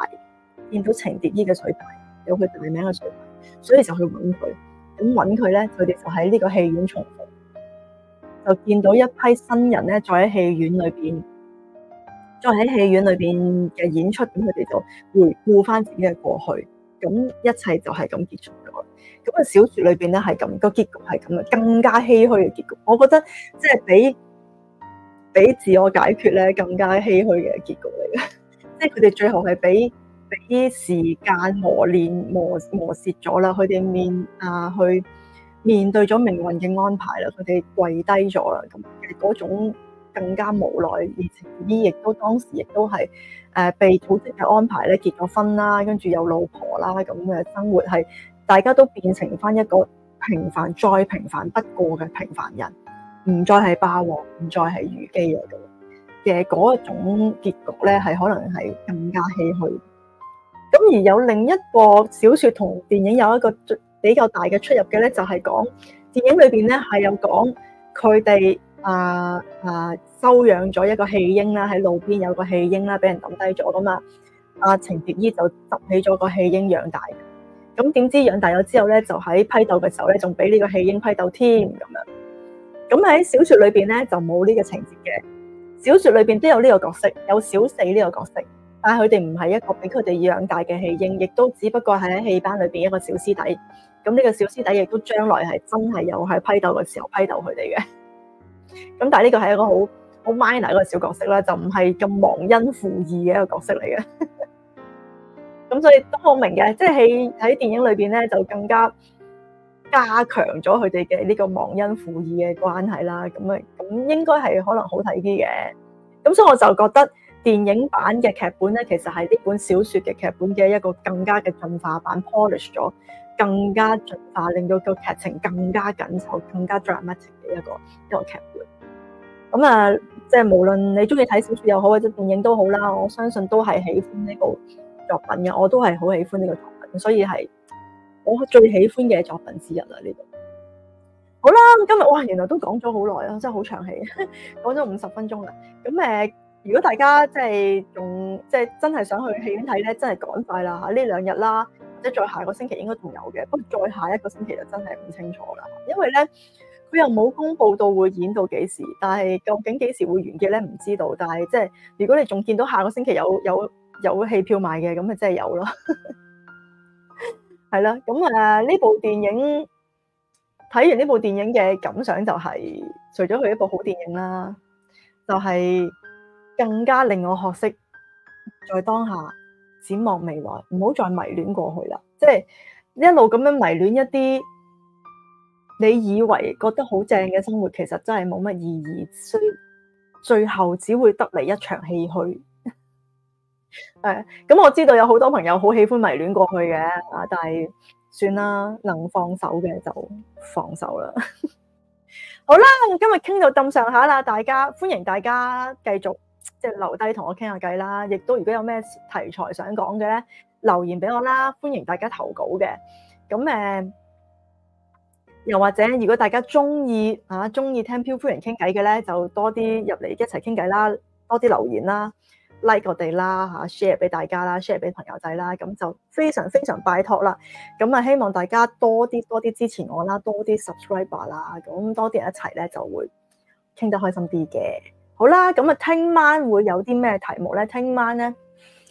見到程蝶衣嘅水牌，有佢大名嘅水牌，所以就去揾佢，咁揾佢咧，佢哋就喺呢個戲院重逢。就見到一批新人咧，再喺戲院裏邊，再喺戲院裏邊嘅演出，咁佢哋就回顧返自己嘅過去，咁一切就係咁結束咗。咁、個小説裏邊咧係咁，個結局係咁嘅，更加唏噓嘅結局。我覺得即係、就是、比比自我解決咧更加唏噓嘅結局嚟嘅，即係佢哋最後係俾俾時間磨練磨磨蝕咗啦，佢哋面啊去。面對咗命運嘅安排啦，佢哋跪低咗啦，咁嘅嗰種更加無奈，而且亦都當時亦都係誒被組織嘅安排咧結咗婚啦，跟住有老婆啦咁嘅生活，係大家都變成返一個平凡再平凡不過嘅平凡人，唔再係霸王，唔再係虞姬嚟嘅，嘅嗰種結局咧係可能係更加唏噓。咁而有另一個小説同電影有一個比較大嘅出入嘅咧，就係講電影裏邊咧係有講佢哋啊啊收養咗一個棄嬰啦，喺路邊有個棄嬰啦，俾人抌低咗噶嘛。阿程蝶衣就執起咗個棄嬰養大。咁點知養大咗之後咧，就喺批鬥嘅時候咧，仲俾呢個棄嬰批鬥添咁樣。咁喺小說裏邊咧就冇呢個情節嘅。小說裏邊都有呢個角色，有小四呢個角色，但係佢哋唔係一個俾佢哋養大嘅棄嬰，亦都只不過係喺戲班裏邊一個小師弟。咁呢個小師弟亦都將來係真係有喺批鬥嘅時候批鬥佢哋嘅。咁 <laughs> 但係呢個係一個好好 minor 嗰個小角色啦，就唔係咁忘恩負義嘅一個角色嚟嘅。咁 <laughs> 所以都好明嘅，即係喺喺電影裏邊咧，就更加加強咗佢哋嘅呢個忘恩負義嘅關係啦。咁啊，咁應該係可能好睇啲嘅。咁所以我就覺得電影版嘅劇本咧，其實係呢本小説嘅劇本嘅一個更加嘅進化版 polish 咗。更加進化，令到個劇情更加緊湊、更加 dramatic 嘅一個一個劇本。咁啊，即係無論你中意睇小説又好，或者電影都好啦，我相信都係喜歡呢部作品嘅。我都係好喜歡呢個作品，所以係我最喜歡嘅作品之一啦。呢度好啦，今日哇，原來都講咗好耐啊，真係好長氣，講咗五十分鐘啦。咁誒，如果大家即係仲即係真係想去戲院睇咧，真係趕快啦嚇！呢兩日啦。即再下個星期應該仲有嘅，不過再下一個星期就真係唔清楚啦。因為咧，佢又冇公布到會演到幾時，但係究竟幾時會完結咧，唔知道。但係即係如果你仲見到下個星期有有有戲票賣嘅，咁咪真係有咯。係 <laughs> 啦，咁誒呢部電影睇完呢部電影嘅感想就係、是，除咗佢一部好電影啦，就係、是、更加令我學識在當下。展望未來，唔好再迷戀過去啦。即係一路咁樣迷戀一啲你以為覺得好正嘅生活，其實真係冇乜意義，所以最後只會得嚟一場唏噓。誒、 <laughs> 嗯，咁、嗯、我知道有好多朋友好喜歡迷戀過去嘅，但係算啦，能放手嘅就放手啦。 <laughs> 好啦，今日傾到咁上下啦，大家歡迎大家繼續。即係留低同我傾下偈啦，亦都如果有咩題材想講嘅咧，留言俾我啦，歡迎大家投稿嘅。咁誒、呃，又或者如果大家中意啊，中意聽漂浮人傾偈嘅咧，就多啲入嚟一齊傾偈啦，多啲留言啦，like 我哋啦，吓、啊、share 俾大家啦，share 俾朋友仔啦，咁就非常非常拜託啦。咁啊，希望大家多啲多啲支持我啦，多啲 subscriber 啦，咁多啲人一齊咧就會傾得開心啲嘅。好啦，咁啊，聽晚會有啲咩題目咧？聽晚咧，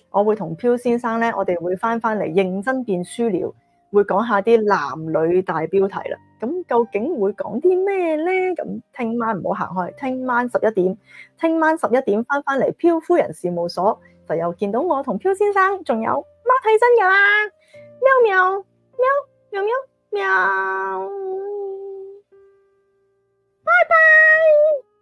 我會同飄先生咧，我哋會翻翻嚟認真變書了，會講下啲男女大標題啦。咁究竟會講啲咩咧？咁聽晚唔好行開，聽晚十一點，聽晚十一點翻翻嚟飄夫人事務所，就又見到我同飄先生，仲有貓睇真噶啦，喵喵喵，喵喵喵喵，拜拜。